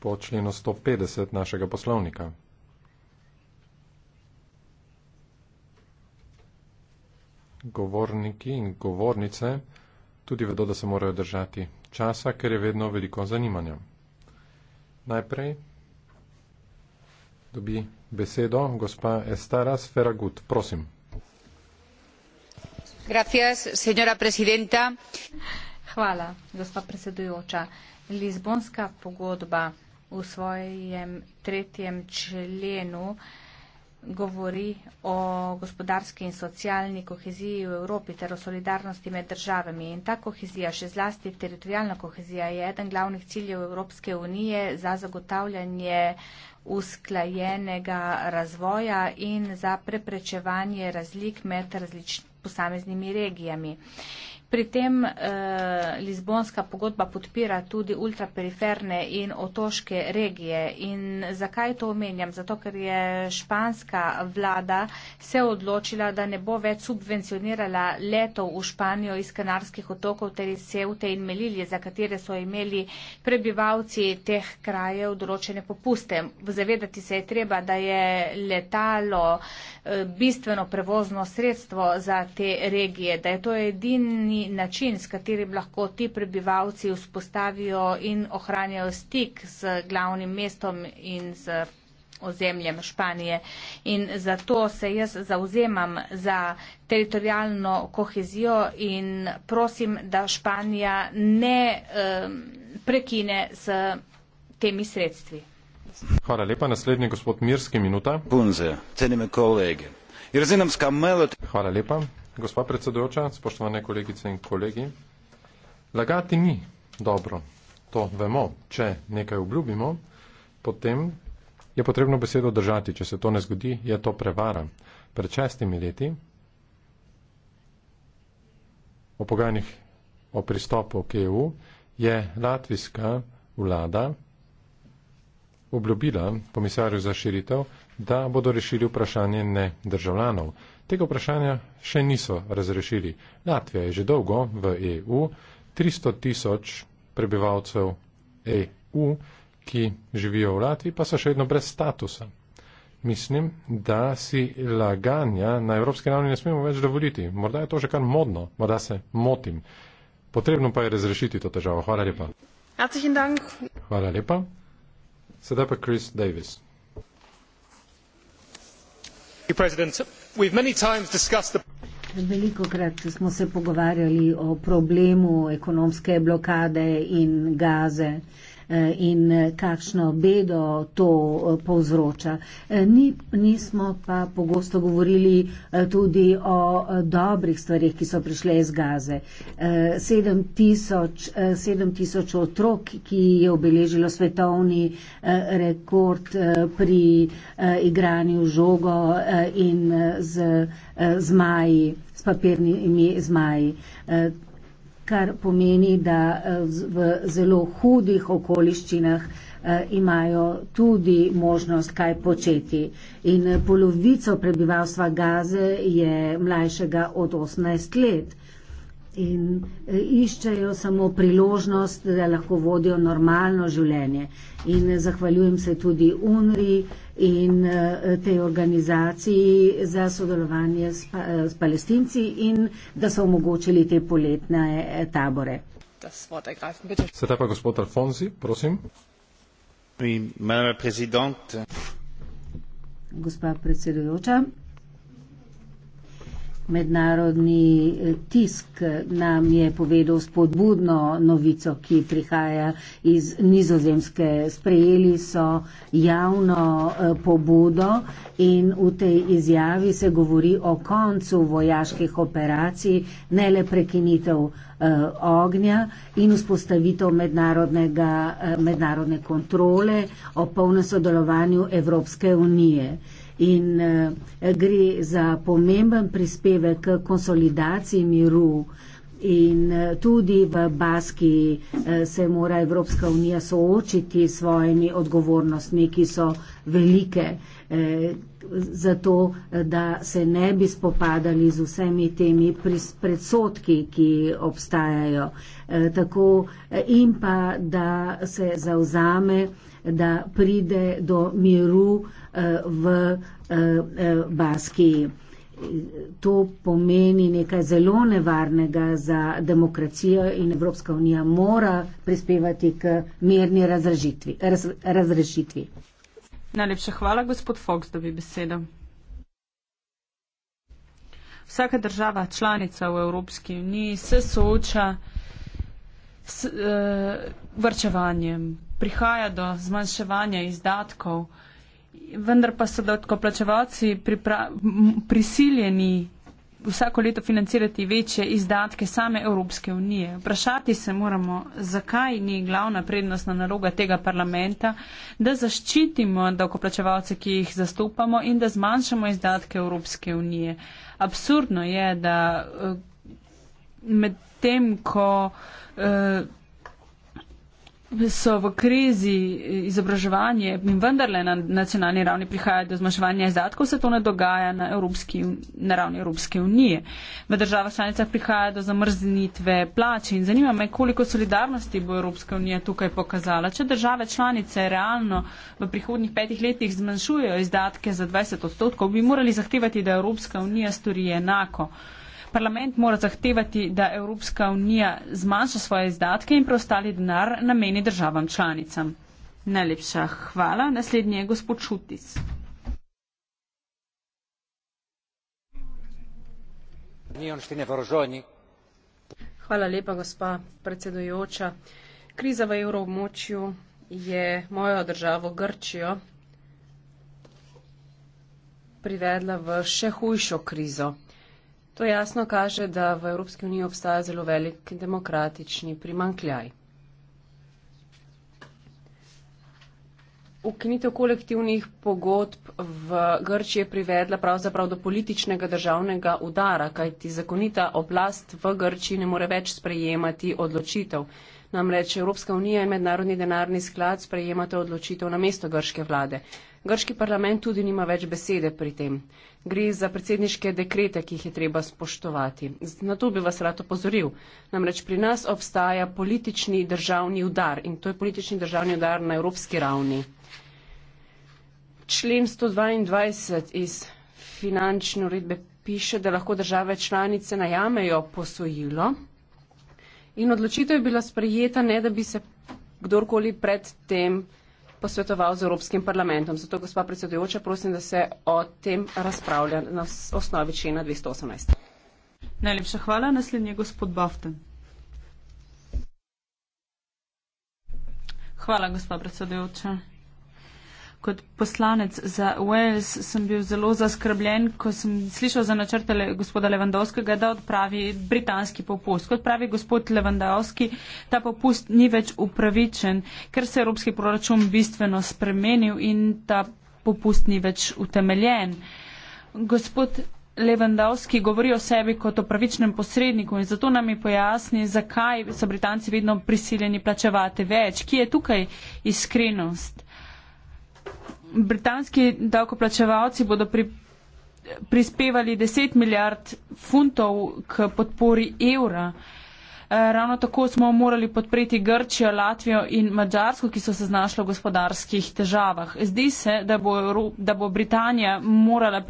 po členu 150 našega poslovnika. Govorniki in govornice tudi vedo, da se morajo držati časa, ker je vedno veliko zanimanja. Najprej dobi besedo gospa Estara Sferagut. Prosim. Gracias, señora presidenta. Hvala, gospa predsedujoča. Lizbonska pogodba v svojem tretjem členu govori o gospodarski in socialni koheziji v Evropi ter o solidarnosti med državami. In ta kohezija, še zlasti teritorijalna kohezija, je eden glavnih ciljev Evropske unije za zagotavljanje usklajenega razvoja in za preprečevanje razlik med različnimi posameznimi regijami. Pri tem eh, Lizbonska pogodba podpira tudi ultraperiferne in otoške regije. In zakaj to omenjam? Zato, ker je španska vlada se odločila, da ne bo več subvencionirala letov v Španijo iz Kanarskih otokov, ter iz Ceute in Melilje, za katere so imeli prebivalci teh krajev določene popuste. Zavedati se je treba, da je letalo eh, bistveno prevozno sredstvo za te regije, da je to edini edini način, s katerim lahko ti prebivalci vzpostavijo in ohranjajo stik z glavnim mestom in z ozemljem Španije. In zato se jaz zauzemam za teritorijalno kohezijo in prosim, da Španija ne um, prekine s temi sredstvi. Hvala lepa. Naslednji gospod Mirski, minuta. Bunze, cenime kolege. Hvala lepa. Gospa predsedujoča, spoštovane kolegice in kolegi, lagati ni dobro. To vemo, če nekaj obljubimo, potem je potrebno besedo držati. Če se to ne zgodi, je to prevara. Pred šestimi leti o pogajanjih o pristopu k EU je latvijska vlada obljubila komisarju za širitev, da bodo rešili vprašanje ne državljanov. Tega vprašanja še niso razrešili. Latvija je že dolgo v EU, 300 tisoč prebivalcev EU, ki živijo v Latviji, pa so še vedno brez statusa. Mislim, da si laganja na evropski ravni ne smemo več dovoliti. Morda je to že kar modno, morda se motim. Potrebno pa je razrešiti to težavo. Hvala lepa. Hvala lepa. Sedaj pa Chris Davis. Hvala lepa. Velikokrat smo se pogovarjali o problemu ekonomske blokade in Gaze. Eh, in eh, kakšno bedo to eh, povzroča. Ni, nismo pa pogosto govorili tudi o dobrih stvarih, ki so prišle iz Gaze. 7 tisoč otrok, ki je obeležilo svetovni rekord pri igranju žogo in z zmaji, s papirnimi zmaji kar pomeni, da eh, v zelo hudih okoliščinah eh, imajo tudi možnost kaj početi. In eh, polovico prebivalstva Gaze je mlajšega od 18 let in eh, iščejo samo priložnost, da lahko vodijo normalno življenje. In eh, zahvaljujem se tudi UNRI in eh, tej organizaciji za sodelovanje s, pa, s palestinci in da so omogočili te poletne tabore. Sedaj pa gospod Alfonsi, prosim. Gospa predsedujoča mednarodni eh, tisk nam je povedal spodbudno novico, ki prihaja iz nizozemske. Sprejeli so javno eh, pobudo in v tej izjavi se govori o koncu vojaških operacij, ne le prekinitev eh, ognja in vzpostavitev mednarodne kontrole o polnem sodelovanju Evropske unije in eh, gre za pomemben prispevek k konsolidaciji miru. In eh, tudi v Baski eh, se mora Evropska unija soočiti s svojimi odgovornostmi, ki so velike, eh, zato da se ne bi spopadali z vsemi temi predsotki, ki obstajajo. Tako in pa da se zauzame, da pride do miru v Baskiji to pomeni nekaj zelo nevarnega za demokracijo in Evropska unija mora prispevati k mirni razrešitvi. Raz, razrešitvi. Najlepša hvala, gospod Fox, da bi besedo. Vsaka država članica v Evropski uniji se sooča s eh, vrčevanjem. Prihaja do zmanjševanja izdatkov vendar pa so davkoplačevalci prisiljeni vsako leto financirati večje izdatke same Evropske unije. Vprašati se moramo, zakaj ni glavna prednostna naloga tega parlamenta, da zaščitimo davkoplačevalce, ki jih zastopamo in da zmanjšamo izdatke Evropske unije. Absurdno je, da eh, med tem, ko. Uh, so v krizi izobraževanje in vendarle na nacionalni ravni prihaja do zmanjševanja izdatkov, se to ne dogaja na, Evropski, na ravni Evropske unije. V državah članicah prihaja do zamrznitve plač in zanima me, koliko solidarnosti bo Evropska unija tukaj pokazala. Če države članice realno v prihodnjih petih letih zmanjšujejo izdatke za 20 odstotkov, bi morali zahtevati, da Evropska unija stori enako. Parlament mora zahtevati, da Evropska unija zmanjša svoje izdatke in preostali denar nameni državam članicam. Najlepša hvala. Naslednji je gospod Šutis. Hvala lepa, gospa predsedujoča. Kriza v evroobmočju je mojo državo Grčijo privedla v še hujšo krizo. To jasno kaže, da v Evropski uniji obstaja zelo velik demokratični primankljaj. Ukinitev kolektivnih pogodb v Grčiji je privedla pravzaprav do političnega državnega udara, kajti zakonita oblast v Grčiji ne more več sprejemati odločitev. Namreč Evropska unija in Mednarodni denarni sklad sprejemata odločitev na mesto grške vlade. Grški parlament tudi nima več besede pri tem. Gre za predsedniške dekrete, ki jih je treba spoštovati. Na to bi vas rad opozoril. Namreč pri nas obstaja politični državni udar in to je politični državni udar na evropski ravni. Člen 122 iz finančne uredbe piše, da lahko države članice najamejo posojilo in odločitev je bila sprejeta, ne da bi se kdorkoli pred tem posvetoval z Evropskim parlamentom. Zato, gospa predsedujoča, prosim, da se o tem razpravlja na osnovi člena 218. Najlepša hvala. Naslednji je gospod Bafte. Hvala, gospa predsedujoča kot poslanec za Wales sem bil zelo zaskrbljen, ko sem slišal za načrte le, gospoda Levandovskega, da odpravi britanski popust. Kot pravi gospod Levandovski, ta popust ni več upravičen, ker se je evropski proračun bistveno spremenil in ta popust ni več utemeljen. Gospod Levandovski govori o sebi kot o pravičnem posredniku in zato nam je pojasni, zakaj so Britanci vedno prisiljeni plačevati več. Kje je tukaj iskrenost? britanski davkoplačevalci bodo pri, prispevali 10 milijard funtov k podpori evra. Eh, ravno tako smo morali podpreti Grčijo, Latvijo in Mačarsko, ki so se znašli v gospodarskih težavah. Zdi se, da bo, da bo Britanija morala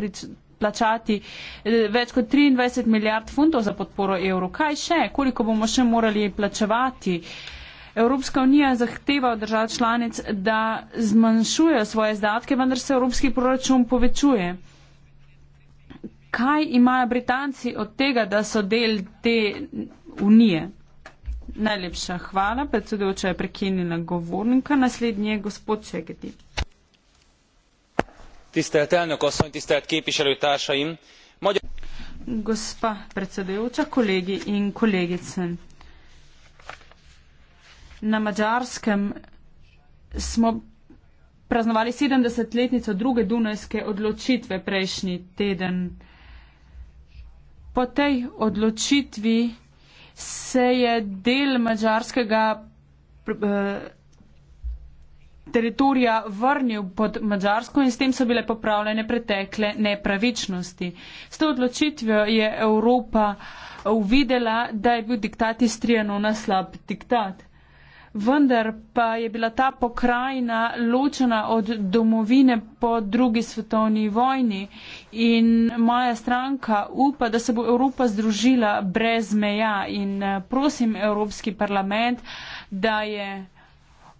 plačati eh, več kot 23 milijard funtov za podporo evru. Kaj še? Koliko bomo še morali plačevati? Uh, Evropska unija zahteva od držav članic, da zmanjšujejo svoje izdatke, vendar se evropski proračun povečuje. Kaj imajo Britanci od tega, da so del te unije? Najlepša hvala, predsedujoča je prekinila govornika, naslednji je gospod Čegeti. Tistelt elnök asszony, tisztelt képviselőtársaim! Magyar... Gospa predsedujoča, kolegi in kolegice na Mačarskem smo praznovali 70-letnico druge Dunajske odločitve prejšnji teden. Po tej odločitvi se je del mačarskega eh, teritorija vrnil pod Mačarsko in s tem so bile popravljene pretekle nepravičnosti. S to odločitvijo je Evropa uvidela, da je bil diktat iz Trianona slab diktat vendar pa je bila ta pokrajina ločena od domovine po drugi svetovni vojni in moja stranka upa, da se bo Evropa združila brez meja in eh, prosim Evropski parlament, da je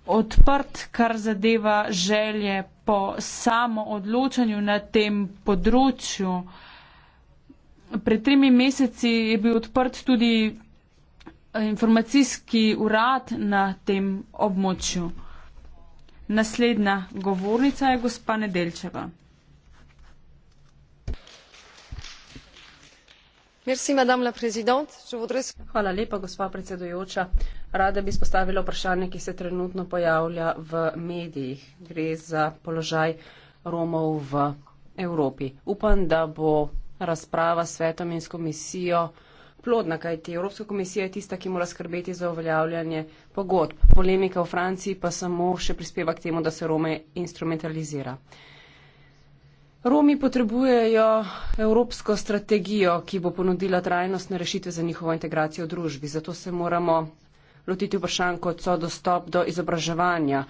odprt, kar zadeva želje po samo odločanju na tem področju. Pred tremi meseci je bil odprt tudi informacijski urad na tem območju. Naslednja govornica je gospa Nedelčeva. Hvala lepa, gospa predsedujoča. Rada bi spostavila vprašanje, ki se trenutno pojavlja v medijih. Gre za položaj Romov v Evropi. Upam, da bo razprava s svetom in s komisijo plodna, kajti Evropska komisija je tista, ki mora skrbeti za uveljavljanje pogodb. Polemika v Franciji pa samo še prispeva k temu, da se Rome instrumentalizira. Romi potrebujejo evropsko strategijo, ki bo ponudila trajnostne rešitve za njihovo integracijo v družbi. Zato se moramo lotiti vprašanj, kot so dostop do izobraževanja,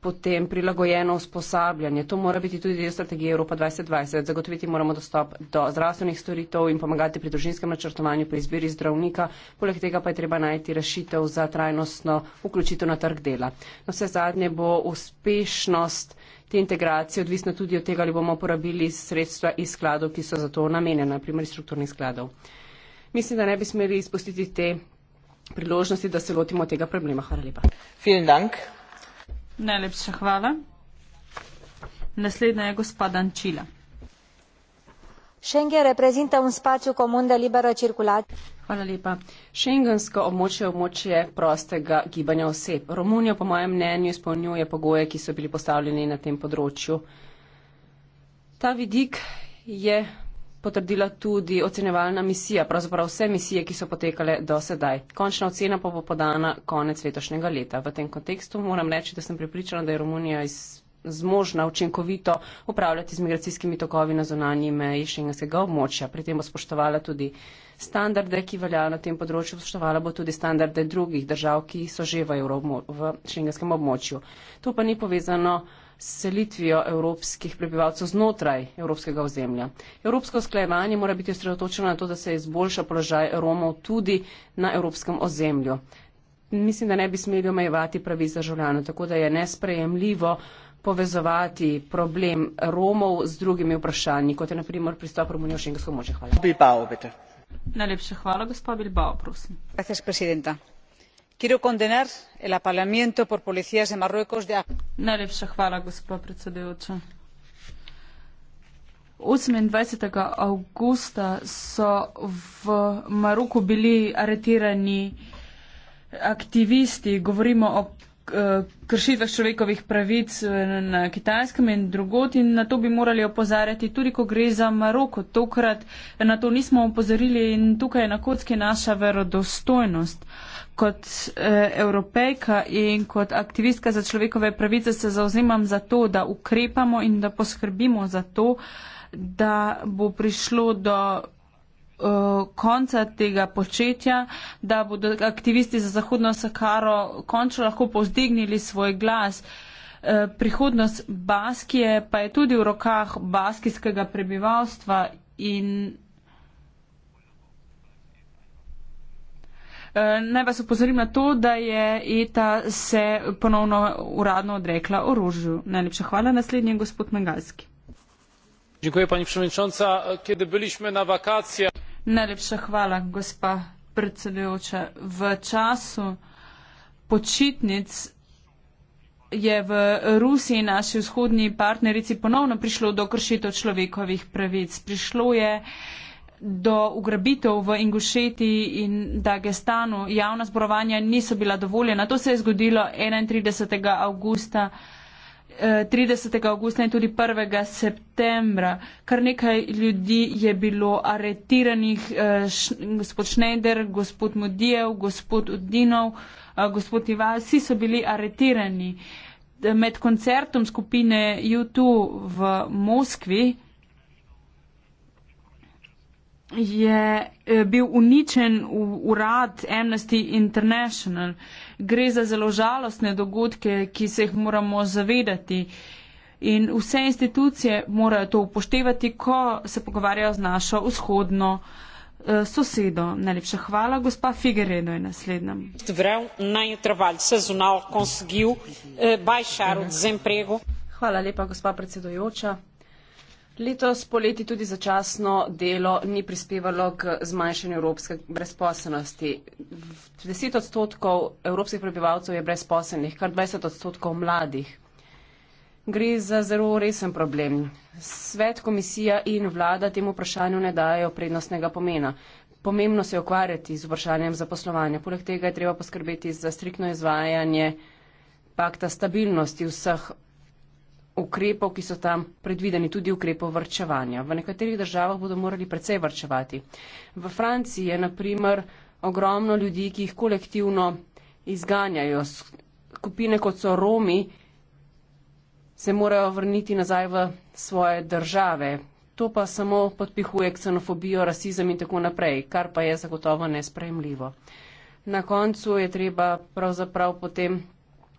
potem prilagojeno usposabljanje. To mora biti tudi del strategije Evropa 2020. Zagotoviti moramo dostop do zdravstvenih storitev in pomagati pri družinskem načrtovanju, pri izbiri zdravnika. Poleg tega pa je treba najti rešitev za trajnostno vključitev na trg dela. Na vse zadnje bo uspešnost te integracije odvisna tudi od tega, ali bomo uporabili sredstva iz skladov, ki so za to namenjene, naprimer iz strukturnih skladov. Mislim, da ne bi smeli izpustiti te priložnosti, da se lotimo tega problema. Hvala lepa. Najlepša hvala. Naslednja je gospoda Ančila. Schengen reprezenta un spacio comun de liberă circulație. Hvala lepa. Schengensko območje je območje prostega gibanja oseb. Romunija, po mojem mnenju, izpolnjuje pogoje, ki so bili postavljeni na tem področju. Ta vidik je potrdila tudi ocenevalna misija, pravzaprav vse misije, ki so potekale do sedaj. Končna ocena pa bo podana konec letošnjega leta. V tem kontekstu moram reči, da sem pripričana, da je Romunija iz zmožna učinkovito upravljati z migracijskimi tokovi na zonanji meji šengenskega območja. Pri tem bo spoštovala tudi standarde, ki veljajo na tem področju, spoštovala bo tudi standarde drugih držav, ki so že v, Evropo, v šengenskem območju. To pa ni povezano s selitvijo evropskih prebivalcev znotraj evropskega ozemlja. Evropsko usklajevanje mora biti osredotočeno na to, da se izboljša položaj Romov tudi na evropskem ozemlju. Mislim, da ne bi smeli omejevati pravic državljanov, tako da je nesprejemljivo povezovati problem Romov z drugimi vprašanji, kot je naprimer pristop Romunijo v šengensko območje. Hvala. Bilbao, Najlepša hvala, gospod Bilbao, prosim. Gracias, quiero condenar el apalamiento por policías de marruecos de aktivisti govorimo o eh, kršitvah človekovih pravic eh, na kitajskem in drugod in na to bi morali opozarjati tudi, ko gre za Maroko. Tokrat na to nismo opozorili in tukaj je na kocki naša verodostojnost kot eh, evropejka in kot aktivistka za človekove pravice se zauzemam za to, da ukrepamo in da poskrbimo za to, da bo prišlo do eh, konca tega početja, da bodo aktivisti za Zahodno Saharo končno lahko povzdignili svoj glas. Eh, prihodnost Baskije pa je tudi v rokah baskijskega prebivalstva in Eh, naj vas upozorim na to, da je ETA se ponovno uradno odrekla orožju. Najlepša hvala. Naslednji je gospod Mengalski. Dziękuję pani przewodnicząca. Kiedy byliśmy na wakacjach. Najlepša hvala, gospa predsedujoča. V času počitnic je v Rusiji naši vzhodni partnerici ponovno prišlo do kršitev človekovih pravic. Prišlo je uh, do ugrabitev v Ingušeti in Dagestanu javna zborovanja niso bila dovoljena. To se je zgodilo 31. augusta. 30. augusta in tudi 1. septembra. Kar nekaj ljudi je bilo aretiranih, eh, gospod Šneider, gospod Modijev, gospod Udinov, eh, gospod Ivaj, vsi so bili aretirani. Med koncertom skupine YouTube v Moskvi je eh, bil uničen urad Amnesty International. Gre za zelo žalostne dogodke, ki se jih moramo zavedati. In vse institucije morajo to upoštevati, ko se pogovarjajo z našo vzhodno eh, sosedo. Najlepša hvala, gospa Figueredo je naslednja. Eh, hvala lepa, gospa predsedujoča. Letos poleti tudi začasno delo ni prispevalo k zmanjšanju evropske brezposelnosti. 10 odstotkov evropskih prebivalcev je brezposelnih, kar 20 odstotkov mladih. Gre za zelo resen problem. Svet, komisija in vlada temu vprašanju ne dajo prednostnega pomena. Pomembno se je ukvarjati z vprašanjem zaposlovanja. Poleg tega je treba poskrbeti za striktno izvajanje pakta stabilnosti vseh ukrepov, ki so tam predvideni, tudi ukrepov vrčevanja. V nekaterih državah bodo morali precej vrčevati. V Franciji je naprimer ogromno ljudi, ki jih kolektivno izganjajo. Skupine kot so Romi se morajo vrniti nazaj v svoje države. To pa samo podpihuje ksenofobijo, rasizem in tako naprej, kar pa je zagotovo nesprejemljivo. Na koncu je treba pravzaprav potem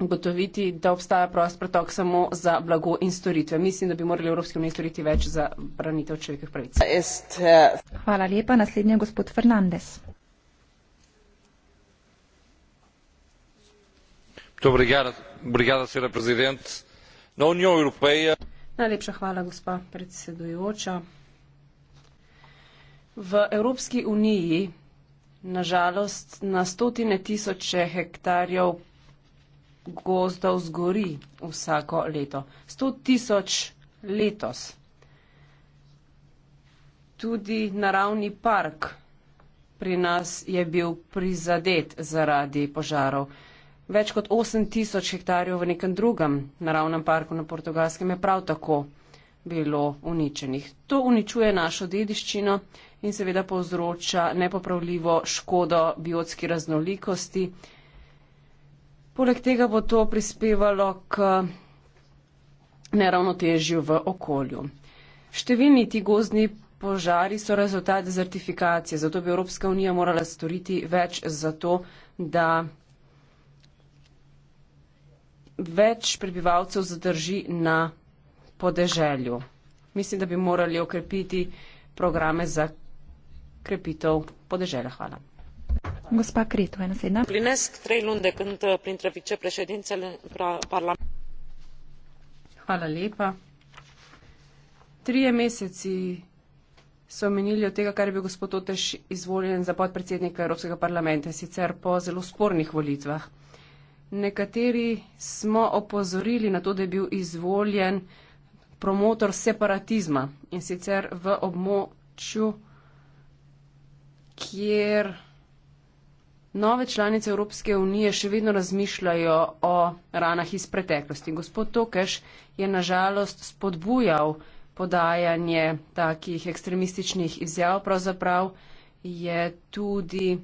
ugotoviti, da obstaja prost pretok samo za blago in storitve. Mislim, da bi morali Evropske unije storiti več za branitev človekovih pravic. Eh, hvala lepa. Naslednji je gospod Fernandez. Najlepša hvala, gospa predsedujoča. V Evropski uniji, nažalost, na stotine tisoče hektarjev gozdov zgori vsako leto. 100 tisoč letos. Tudi naravni park pri nas je bil prizadet zaradi požarov. Več kot 8 tisoč hektarjev v nekem drugem naravnem parku na portugalskem je prav tako bilo uničenih. To uničuje našo dediščino in seveda povzroča nepopravljivo škodo biotski raznolikosti. Poleg tega bo to prispevalo k neravnotežju v okolju. Številni ti gozdni požari so rezultat certifikacije, zato bi Evropska unija morala storiti več za to, da več prebivalcev zadrži na podeželju. Mislim, da bi morali okrepiti programe za krepitev podeželja. Hvala împlinesc trei luni de când uh, printre vicepreședințele parlamentului so omenili od tega, kar je bil gospod Oteš izvoljen za podpredsednika Evropskega parlamenta, sicer po zelo spornih volitvah. Nekateri smo opozorili na to, da je bil izvoljen promotor separatizma in sicer v območju, kjer Nove članice Evropske unije še vedno razmišljajo o ranah iz preteklosti. Gospod Tokeš je nažalost spodbujal podajanje takih ekstremističnih izjav, pravzaprav je tudi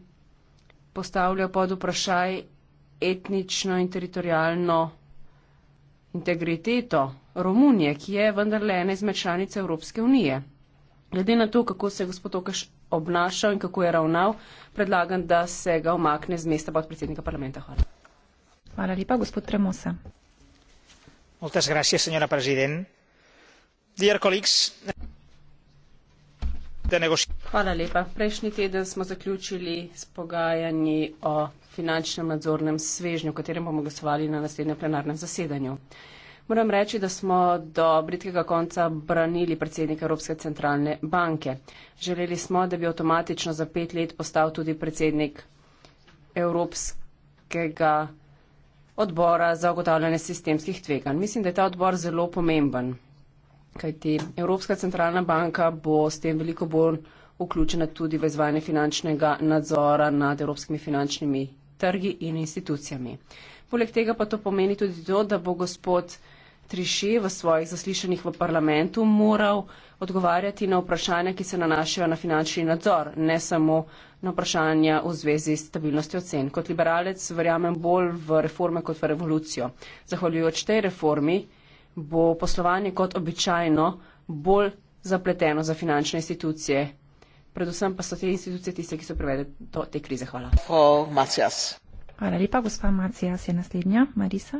postavljal pod vprašaj etnično in teritorijalno integriteto Romunije, ki je vendarle ena izmed članic Evropske unije. Glede na to, kako se je gospod Tokeš obnašal in kako je ravnal, predlagam, da se ga omakne z mesta podpredsednika parlamenta. Hvala. Hvala lepa, gospod Tremosa. Muchas gracias, señora presidenta. Dear colleagues, Hvala lepa. Prejšnji teden smo zaključili s pogajanji o finančnem nadzornem svežnju, o katerem bomo glasovali na naslednjem plenarnem zasedanju moram reči, da smo do britkega konca branili predsednika Evropske centralne banke. Želeli smo, da bi avtomatično za pet let postal tudi predsednik Evropskega odbora za ogotavljanje sistemskih tvegan. Mislim, da je ta odbor zelo pomemben, kajti Evropska centralna banka bo s tem veliko bolj vključena tudi v izvajanje finančnega nadzora nad evropskimi finančnimi trgi in institucijami. Poleg tega pa to pomeni tudi to, da bo gospod Triše v svojih zaslišanjih v parlamentu moral odgovarjati na vprašanja, ki se nanašajo na finančni nadzor, ne samo na vprašanja v zvezi s stabilnostjo cen. Kot liberalec verjamem bolj v reforme kot v revolucijo. Zahvaljujoč tej reformi bo poslovanje kot običajno bolj zapleteno za finančne institucije. Predvsem pa so te institucije tiste, ki so privedle do te krize. Hvala. Hvala lepa, gospa Macijas je naslednja. Marisa.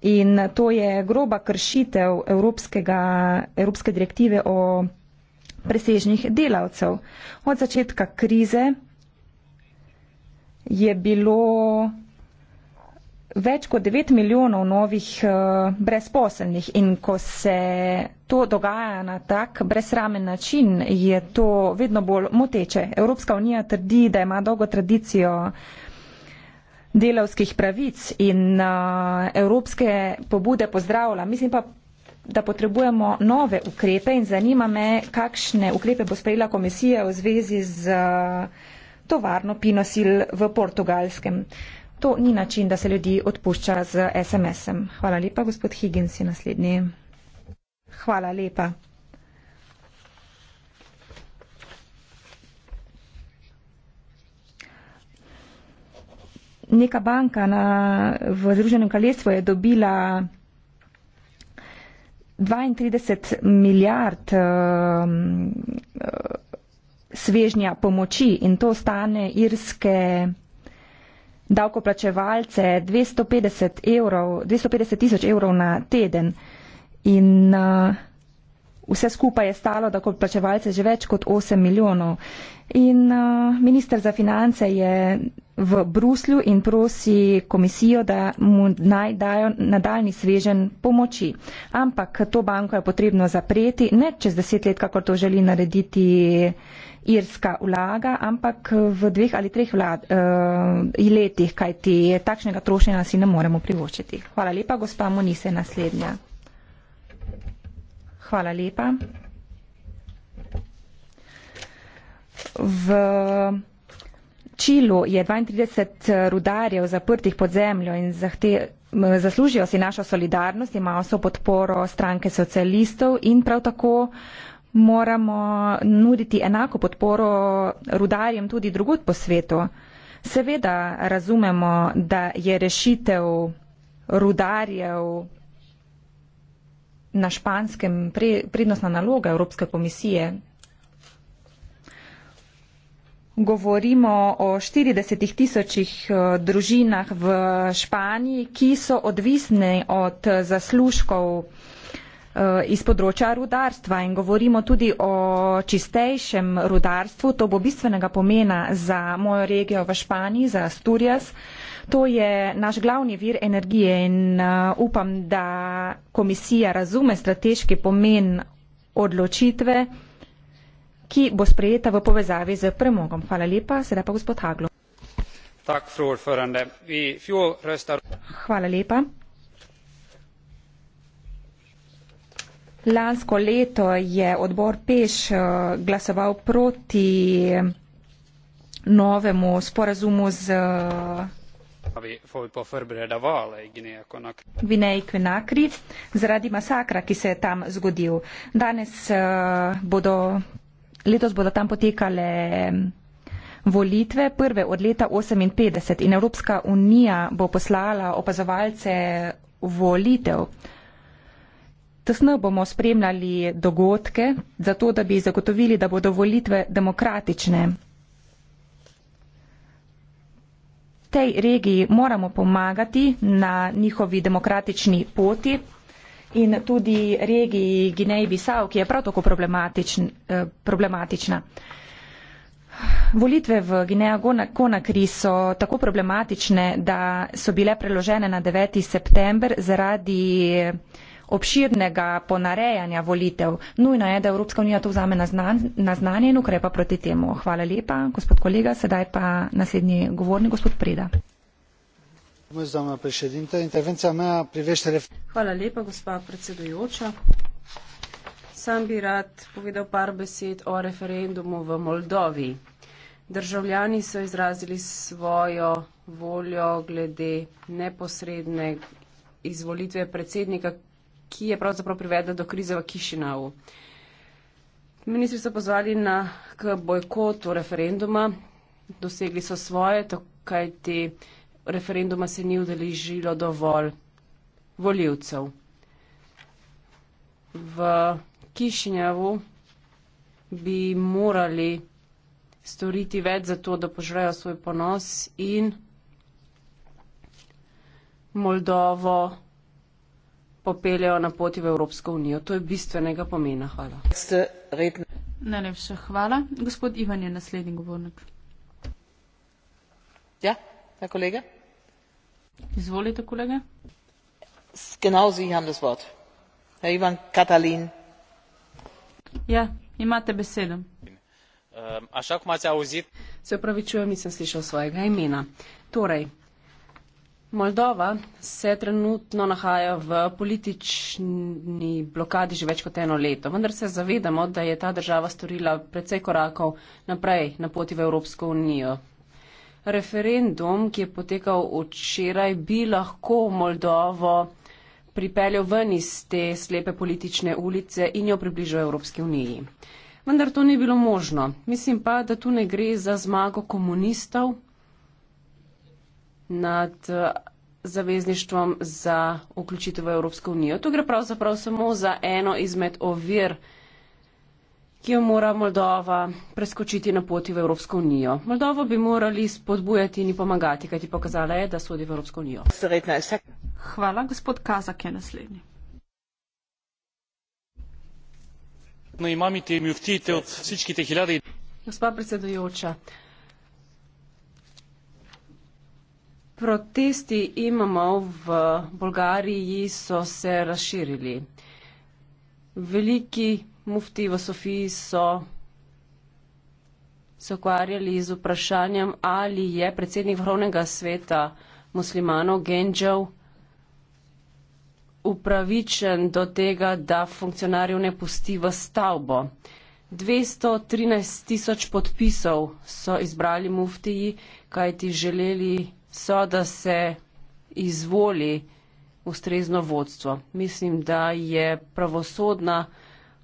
In to je groba kršitev Evropske direktive o presežnih delavcev. Od začetka krize je bilo več kot 9 milijonov novih eh, brezposelnih in ko se to dogaja na tak brezramen način, je to vedno bolj moteče. Evropska unija trdi, da ima dolgo tradicijo uh, delavskih pravic in uh, evropske pobude pozdravila. Mislim pa, da potrebujemo nove ukrepe in zanima me, kakšne ukrepe bo sprejela komisija v zvezi z uh, tovarno pinosil v portugalskem. To ni način, da se ljudi odpušča z SMS-em. Hvala lepa, gospod Higgins je naslednji. Hvala lepa. neka banka na, v Združenem kraljestvu je dobila 32 milijard uh, uh, svežnja pomoči in to stane irske davkoplačevalce 250 tisoč evrov, evrov na teden. In, uh, vse skupaj je stalo, da kot plačevalce, že več kot 8 milijonov. In uh, minister za finance je v Bruslju in prosi komisijo, da mu naj dajo nadaljni svežen pomoči. Ampak to banko je potrebno zapreti, ne čez deset let, kako to želi narediti irska vlaga, ampak v dveh ali treh vlad, uh, letih, kajti takšnega trošenja si ne moremo privoščiti. Hvala lepa, gospa Monise, naslednja. Hvala lepa. V Čilu je 32 eh, rudarjev zaprtih pod zemljo in zahte, zaslužijo si našo solidarnost, imajo so podporo stranke socialistov in prav tako moramo nuditi enako podporo rudarjem tudi drugot po svetu. Seveda razumemo, da je rešitev rudarjev na španskem prednostna naloga Evropske komisije. Govorimo o 40 tisočih eh, družinah v Španiji, ki so odvisne od zaslužkov eh, iz področja rudarstva in govorimo tudi o čistejšem rudarstvu. To bo bistvenega pomena za mojo regijo v Španiji, za Asturias. To je naš glavni vir energije in uh, upam, da komisija razume strateški pomen odločitve, ki bo sprejeta v povezavi z premogom. Hvala lepa, sedaj pa gospod Haglo. Tak, Hvala lepa. Lansko leto je odbor Peš eh, glasoval proti novemu sporazumu z Får vi på förbereda val e i Gvinej Konakri zaradi masakra, ki se je tam zgodil. Danes eh, bodo, letos bodo tam potekale mm, volitve, prve od leta 1958 in Evropska unija bo poslala opazovalce volitev. Tesno bomo spremljali dogodke, zato da bi zagotovili, da bodo volitve demokratične. tej regiji moramo pomagati na njihovi demokratični poti in tudi regiji Gineji-Bisav, ki je prav tako problematičn, eh, problematična. Volitve v Gineja Konakri so tako problematične, da so bile preložene na 9. september zaradi eh, obširnega ponarejanja volitev. Nujno je, da Evropska unija to vzame na, znan, na znanje in ukrepa proti temu. Hvala lepa, gospod kolega. Sedaj pa naslednji govornik, gospod Preda. Hvala lepa, gospa predsedujoča. Sam bi rad povedal par besed o referendumu v Moldovi. Državljani so izrazili svojo voljo glede neposredne izvolitve predsednika, ki je pravzaprav privedla do krize v Kišinau. Ministri so pozvali na k bojkotu referenduma, dosegli so svoje, kaj ti referenduma se ni udeležilo dovolj voljivcev. V Kišinjavu bi morali storiti več za to, da požrejo svoj ponos in Moldovo popeljejo na poti v Evropsko unijo. To je bistvenega pomena. Hvala. Najlepša hvala. Gospod Ivan je naslednji govornik. Ja, ta ja, kolega. Izvolite, kolega. Genau Sie haben das Wort. Herr Ivan Katalin. Ja, imate besedo. Ehm, Se upravičujem, nisem slišal svojega imena. Torej, Moldova se trenutno nahaja v politični blokadi že več kot eno leto, vendar se zavedamo, da je ta država storila precej korakov naprej na poti v Evropsko unijo. Referendum, ki je potekal včeraj, bi lahko Moldovo pripeljal ven iz te slepe politične ulice in jo približal Evropski uniji. Vendar to ni bilo možno. Mislim pa, da tu ne gre za zmago komunistov nad eh, zavezništvom za vključitev v Evropsko unijo. Tu gre pravzaprav samo za eno izmed ovir, ki jo mora Moldova preskočiti na poti v Evropsko unijo. Moldovo bi morali spodbujati in pomagati, kajti pokazala je, da sodi v Evropsko unijo. Hvala, gospod Kazak je naslednji. No, Gospa predsedujoča, Protesti imamov v Bolgariji so se razširili. Veliki mufti v Sofiji so se ukvarjali z vprašanjem, ali je predsednik Vrhovnega sveta muslimanov Genžev upravičen do tega, da funkcionarjev ne pusti v stavbo. 213 tisoč podpisov so izbrali muftiji, kajti želeli so, da se izvoli ustrezno vodstvo. Mislim, da je pravosodna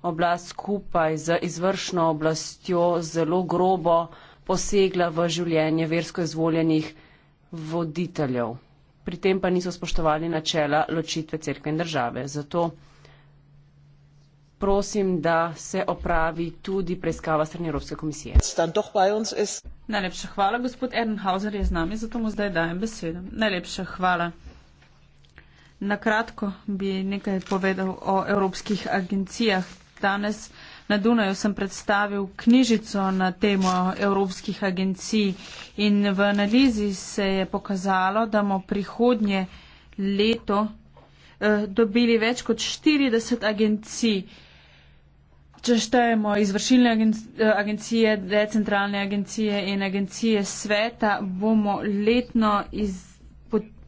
oblast skupaj z izvršno oblastjo zelo grobo posegla v življenje versko izvoljenih voditeljev. Pri tem pa niso spoštovali načela ločitve crkve in države. Zato prosim, da se opravi tudi preiskava strani Evropske komisije. Najlepša hvala, gospod Ernhauser je z nami, zato mu zdaj dajem besedo. Najlepša hvala. Na kratko bi nekaj povedal o evropskih agencijah. Danes na Dunaju sem predstavil knjižico na temo evropskih agencij in v analizi se je pokazalo, da bomo prihodnje leto eh, dobili več kot 40 agencij. Eh, Če štejemo izvršilne agencije, decentralne agencije in agencije sveta, bomo letno iz,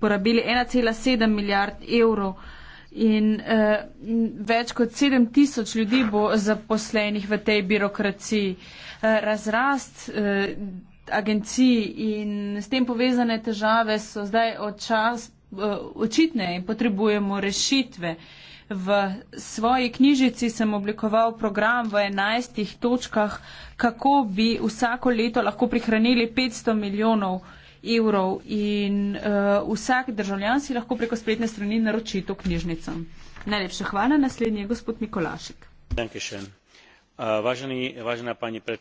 porabili 1,7 milijard evrov in eh, več kot 7 tisoč ljudi bo zaposlenih v tej birokraciji. Eh, razrast eh, agencij in s tem povezane težave so zdaj očas, eh, očitne in potrebujemo rešitve. Eh, V svoji knjižici sem oblikoval program v enajstih točkah, kako bi vsako leto lahko prihranili 500 milijonov evrov in uh, vsak državljan si lahko preko spletne strani naroči to knjižnico. Najlepša hvala, naslednji je gospod Mikolašek. Uh, važani, važana pani pred...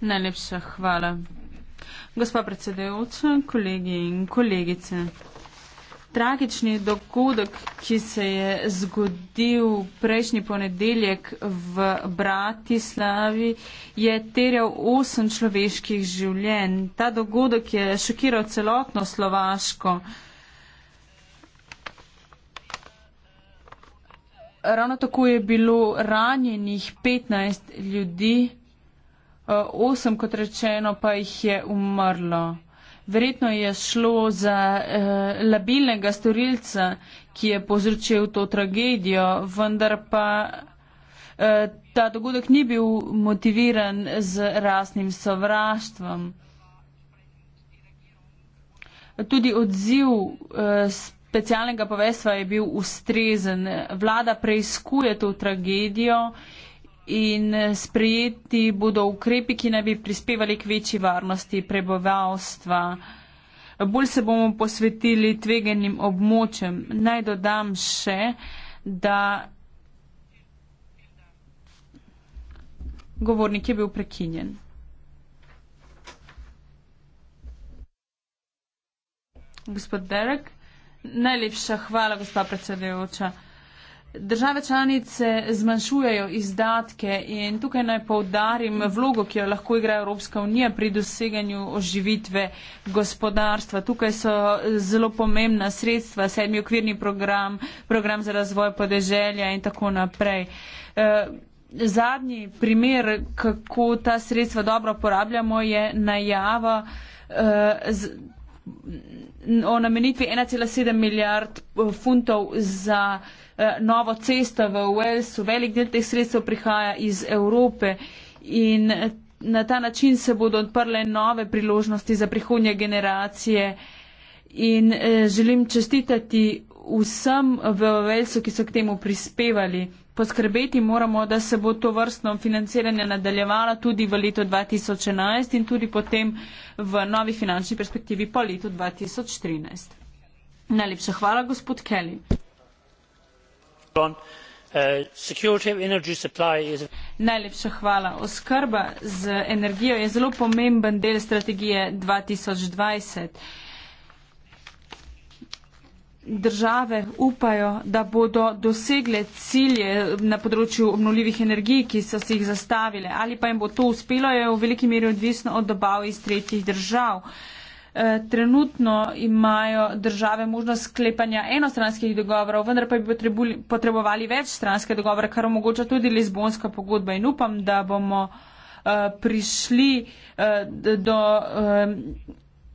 Najlepša hvala. Gospa predsedujoča, kolegi in kolegice tragični dogodek, ki se je zgodil prejšnji ponedeljek v Bratislavi, je terjal osem človeških življenj. Ta dogodek je šokiral celotno Slovaško. Ravno tako je bilo ranjenih 15 ljudi, osem kot rečeno pa jih je umrlo. Verjetno je šlo za eh, labilnega storilca, ki je povzročil to tragedijo, vendar pa eh, ta dogodek ni bil motiviran z rasnim sovraštvom. Tudi odziv eh, specialnega povestva je bil ustrezen. Vlada preizkuje to tragedijo in eh, sprejeti bodo ukrepi, ki naj bi prispevali k večji varnosti prebovalstva. Bolj se bomo posvetili tveganim območjem. Naj dodam še, da govornik je bil prekinjen. Gospod Derek, najlepša hvala, gospa predsedujoča. Države članice zmanjšujejo izdatke in tukaj naj povdarim vlogo, ki jo lahko igra Evropska unija pri doseganju oživitve gospodarstva. Tukaj so zelo pomembna sredstva, sedmi okvirni program, program za razvoj podeželja in tako naprej. E, zadnji primer, kako ta sredstva dobro porabljamo, je najava e, o namenitvi 1,7 milijard funtov za Eh, novo cesto v Walesu. Velik del teh sredstev prihaja iz Evrope in eh, na ta način se bodo odprle nove priložnosti za prihodnje generacije. In eh, želim čestitati vsem v Walesu, ki so k temu prispevali. Poskrbeti moramo, da se bo to vrstno financiranje nadaljevalo tudi v letu 2011 in tudi potem v novi finančni perspektivi po letu 2013. Najlepša hvala, gospod Kelly. Uh, oskrba z energijo je zelo pomemben del strategije države upajo da bodo dosegle cilje na področju obnovljivih energij ki so si jih zastavile ali pa jim bo to uspelo je v veliki meri odvisno od dobav iz tretjih držav Eh, trenutno imajo države možnost sklepanja enostranskih dogovorov, vendar pa bi potrebovali večstranske dogovore, kar omogoča tudi Lizbonska pogodba in upam, da bomo eh, prišli eh, do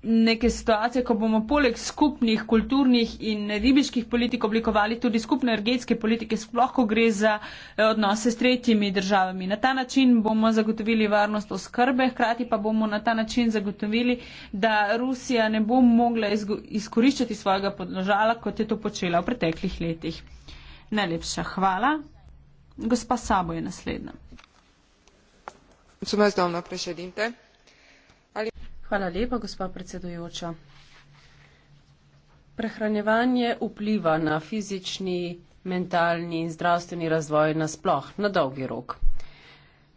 neke situacije, ko bomo poleg skupnih kulturnih in ribiških politik oblikovali tudi skupne energetske politike, sploh ko gre za eh, odnose s tretjimi državami. Na ta način bomo zagotovili varnost oskrbe, hkrati pa bomo na ta način zagotovili, da Rusija ne bo mogla izkoriščati svojega podložala, kot je to počela v preteklih letih. Najlepša hvala. Gospa Sabo je naslednja. Zdravljena, predsednica. Hvala lepa, gospa predsedujoča. Prehranjevanje vpliva na fizični, mentalni in zdravstveni razvoj nasploh, na dolgi rok.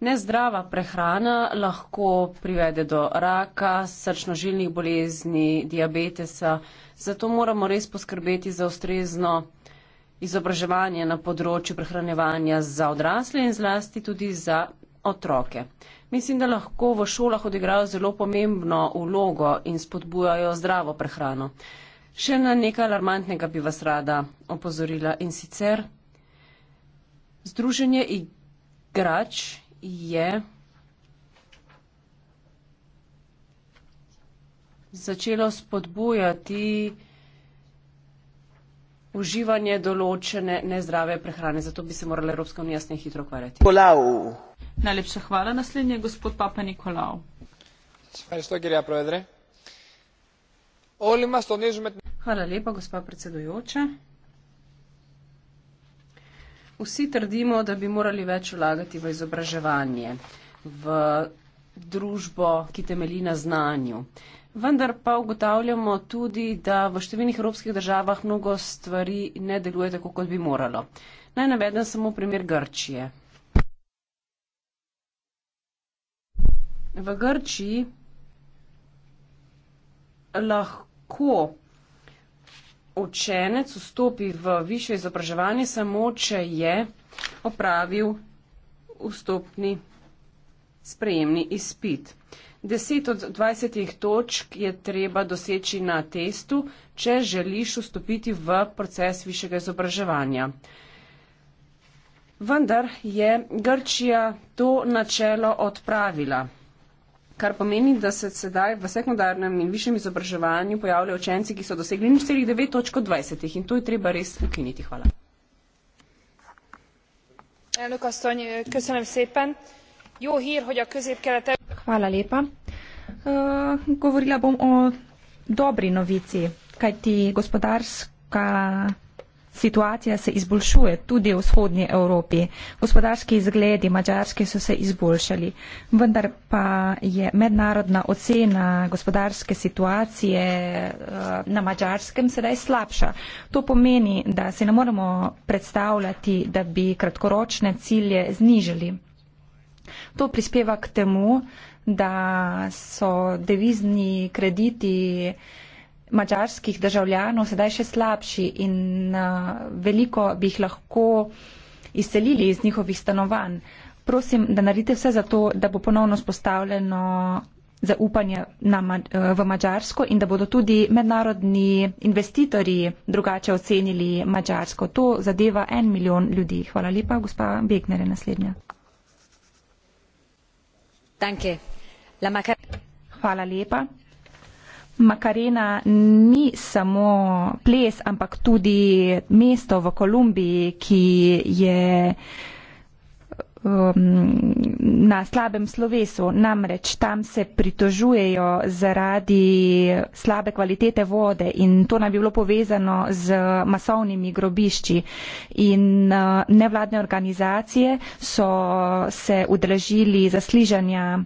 Nezdrava prehrana lahko privede do raka, srčnožilnih bolezni, diabetesa, zato moramo res poskrbeti za ustrezno izobraževanje na področju prehranjevanja za odrasle in zlasti tudi za otroke. Mislim, da lahko v šolah odigrajo zelo pomembno vlogo in spodbujajo zdravo prehrano. Še na nekaj alarmantnega bi vas rada opozorila in sicer Združenje igrač je začelo spodbujati uživanje določene nezdrave prehrane. Zato bi se morala Evropska unija s tem hitro ukvarjati. Polau. Najlepša hvala. Naslednji je gospod Papa Nikolao. Hvala lepa, gospa predsedujoča. Vsi trdimo, da bi morali več vlagati v izobraževanje, v družbo, ki temelji na znanju. Vendar pa ugotavljamo tudi, da v številnih evropskih državah mnogo stvari ne deluje tako, kot bi moralo. Naj navedem samo primer Grčije. v Grčiji lahko učenec vstopi v višje izobraževanje samo, če je opravil vstopni sprejemni izpit. 10 od 20 točk je treba doseči na testu, če želiš vstopiti v proces višjega izobraževanja. Vendar je Grčija to načelo odpravila kar pomeni, da se sedaj v sekundarnem in višjem izobraževanju pojavljajo učenci, ki so dosegli 0,9 točko 20 in to je treba res ukiniti. Hvala. Hvala lepa. Uh, govorila bom o dobri novici, kajti gospodarska situacija se izboljšuje tudi v vzhodnji Evropi. Gospodarski izgledi Mačarske so se izboljšali, vendar pa je mednarodna ocena gospodarske situacije eh, na Mačarskem sedaj slabša. To pomeni, da se ne moremo predstavljati, da bi kratkoročne cilje znižali. To prispeva k temu, da so devizni krediti mačarskih državljanov sedaj še slabši in veliko bi jih lahko izselili iz njihovih stanovanj. Prosim, da naredite vse za to, da bo ponovno spostavljeno zaupanje na, v Mačarsko in da bodo tudi mednarodni investitorji drugače ocenili Mačarsko. To zadeva en milijon ljudi. Hvala lepa, gospa Begner je naslednja. Hvala lepa. Makarena ni samo ples, ampak tudi mesto v Kolumbiji, ki je um, na slabem slovesu. Namreč tam se pritožujejo zaradi slabe kvalitete vode in to naj bi bilo povezano z masovnimi grobišči. In uh, nevladne organizacije so se udražili zasližanja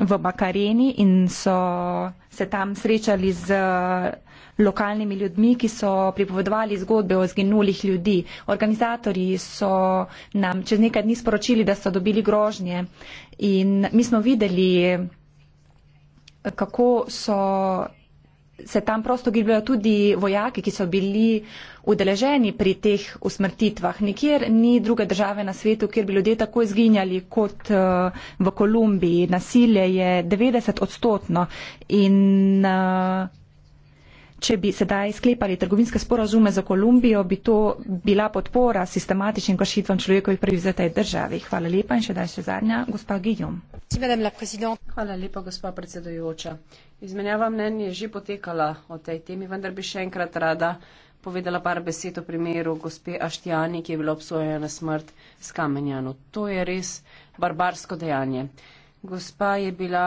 v Bakareni in so se tam srečali z eh, lokalnimi ljudmi, ki so pripovedovali zgodbe o zginulih ljudi. Organizatorji so nam čez nekaj dni sporočili, da so dobili grožnje in mi smo videli, kako so se tam prosto gibljajo tudi vojaki, ki so bili udeleženi pri teh usmrtitvah. Nikjer ni druge države na svetu, kjer bi ljudje tako izginjali kot eh, v Kolumbiji. Nasilje je 90 odstotno in uh, Če bi sedaj sklepali trgovinske sporazume za Kolumbijo, bi to bila podpora sistematičnim kršitvam človekovih pravic v tej državi. Hvala lepa in še daj še zadnja, gospa Gijom. Hvala lepa, gospa predsedojoča. Izmenjava mnenje je že potekala o tej temi, vendar bi še enkrat rada povedala par besed o primeru gospe Aštjani, ki je bila obsojena na smrt s kamenjano. To je res barbarsko dejanje. Gospa je bila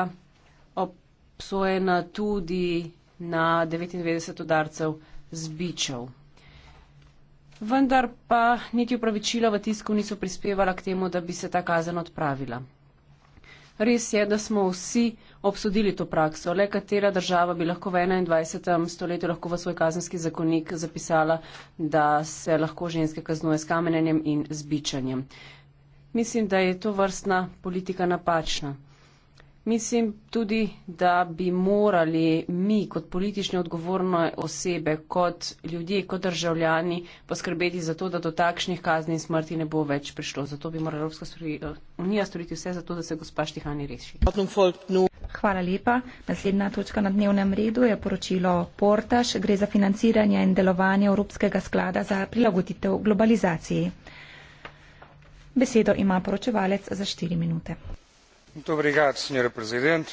obsojena tudi na 99 udarcev zbičev. Vendar pa niti upravičila v tisku niso prispevala k temu, da bi se ta kazen odpravila. Res je, da smo vsi obsodili to prakso, le katera država bi lahko v 21. stoletju lahko v svoj kazenski zakonik zapisala, da se lahko ženske kaznuje s kamenjenjem in zbičanjem. Mislim, da je to vrstna politika napačna. Mislim tudi, da bi morali mi kot politične odgovorne osebe, kot ljudje, kot državljani poskrbeti za to, da do takšnih kazni in smrti ne bo več prišlo. Zato bi morala Evropska unija storiti vse za to, da se gospa Štihani reši. Hvala lepa. Naslednja točka na dnevnem redu je poročilo Portaž. Gre za financiranje in delovanje Evropskega sklada za prilagoditev globalizaciji. Besedo ima poročevalec za štiri minute muito obrigado senhora presidente.